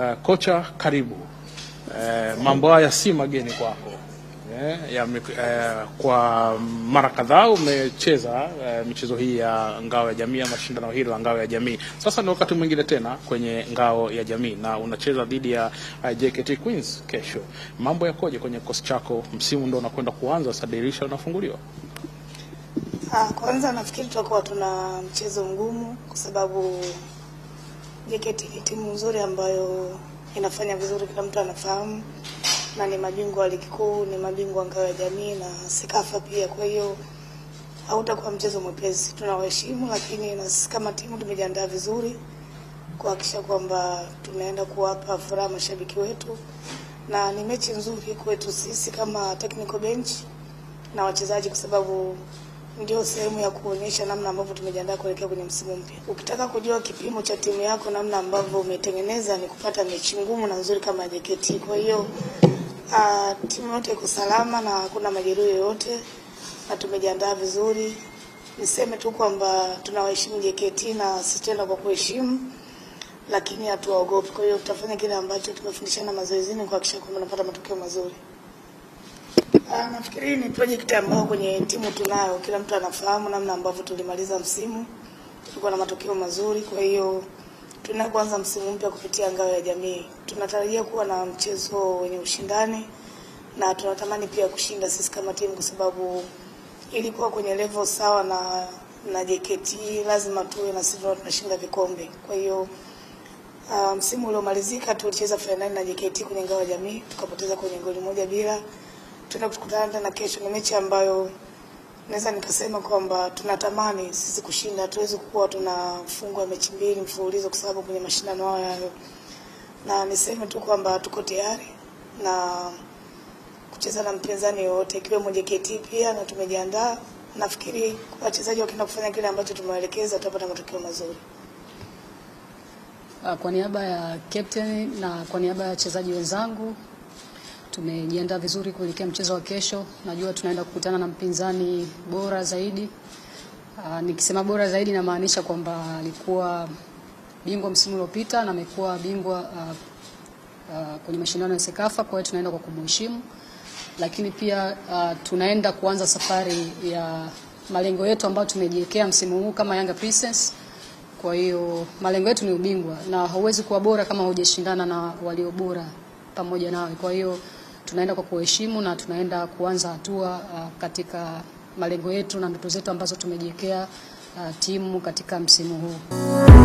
Eh, kocha karibu. Eh, mambo haya si mageni kwako. eh, ya, eh, kwa mara kadhaa umecheza eh, michezo hii ya ngao ya jamii ama shindano hili la ngao ya jamii. Sasa ni wakati mwingine tena kwenye ngao ya jamii na unacheza dhidi ya uh, eh, JKT Queens kesho. Mambo yakoje kwenye kikosi chako? Msimu ndio unakwenda kuanza, sasa dirisha unafunguliwa. Ah, kwanza nafikiri tutakuwa tuna mchezo mgumu kwa sababu JKT ni timu nzuri ambayo inafanya vizuri, kila mtu anafahamu, na ni mabingwa wa ligi kuu, ni mabingwa ngao ya jamii na sikafa pia. Kwa hiyo hautakuwa mchezo mwepesi, tunawaheshimu, lakini nasi kama timu tumejiandaa vizuri kuhakikisha kwamba tunaenda kuwapa furaha mashabiki wetu, na ni mechi nzuri kwetu sisi kama technical bench na wachezaji, kwa sababu ndio sehemu ya kuonyesha namna ambavyo tumejiandaa kuelekea kwenye msimu mpya. Ukitaka kujua kipimo cha timu yako namna ambavyo umetengeneza ni kupata mechi ngumu na nzuri kama JKT. Kwa hiyo uh, timu yote iko salama na hakuna majeruhi yoyote na tumejiandaa vizuri. Niseme tu kwamba tunawaheshimu JKT na sisi tena kwa kuheshimu lakini hatuwaogopi. Kwa hiyo tutafanya kile ambacho tumefundishana mazoezini kuhakikisha kwamba tunapata matokeo mazuri. Ah, nafikiri ni project ambayo kwenye timu tunayo, kila mtu anafahamu namna ambavyo tulimaliza msimu, tulikuwa na matokeo mazuri. Kwa hiyo tunaanza msimu mpya kupitia ngao ya jamii. Tunatarajia kuwa na mchezo wenye ushindani na tunatamani pia kushinda sisi kama timu, kwa sababu ili kuwa kwenye level sawa na na JKT lazima tuwe na sisi tunashinda vikombe. Kwa hiyo uh, msimu uliomalizika tulicheza fainali na JKT kwenye ngao ya jamii tukapoteza kwenye goli moja bila tutaenda kukutana tena kesho. Ni mechi ambayo naweza nikasema kwamba tunatamani sisi kushinda, hatuwezi kuwa tunafungwa mechi mbili mfululizo kwa sababu kwenye mashindano hayo hayo, na niseme tu kwamba tuko tayari na kucheza na mpinzani yoyote ikiwemo JKT pia, na tumejiandaa. Nafikiri wachezaji wakienda kufanya kile ambacho tumewaelekeza, tutapata matokeo mazuri. Kwa niaba ya captain na kwa niaba ya wachezaji wenzangu tumejiandaa vizuri kuelekea mchezo wa kesho. Najua tunaenda kukutana na mpinzani bora zaidi. Aa, ah, nikisema bora zaidi namaanisha kwamba alikuwa bingwa msimu uliopita na amekuwa bingwa ah, ah, kwenye mashindano ya Sekafa. Kwa hiyo tunaenda kwa kumheshimu, lakini pia uh, tunaenda kuanza safari ya malengo yetu ambayo tumejiwekea msimu huu kama Yanga Princess. Kwa hiyo malengo yetu ni ubingwa, na hauwezi kuwa bora kama hujashindana na walio bora pamoja nawe. Kwa hiyo tunaenda kwa kuheshimu na tunaenda kuanza hatua uh, katika malengo yetu na ndoto zetu ambazo tumejiwekea uh, timu katika msimu huu.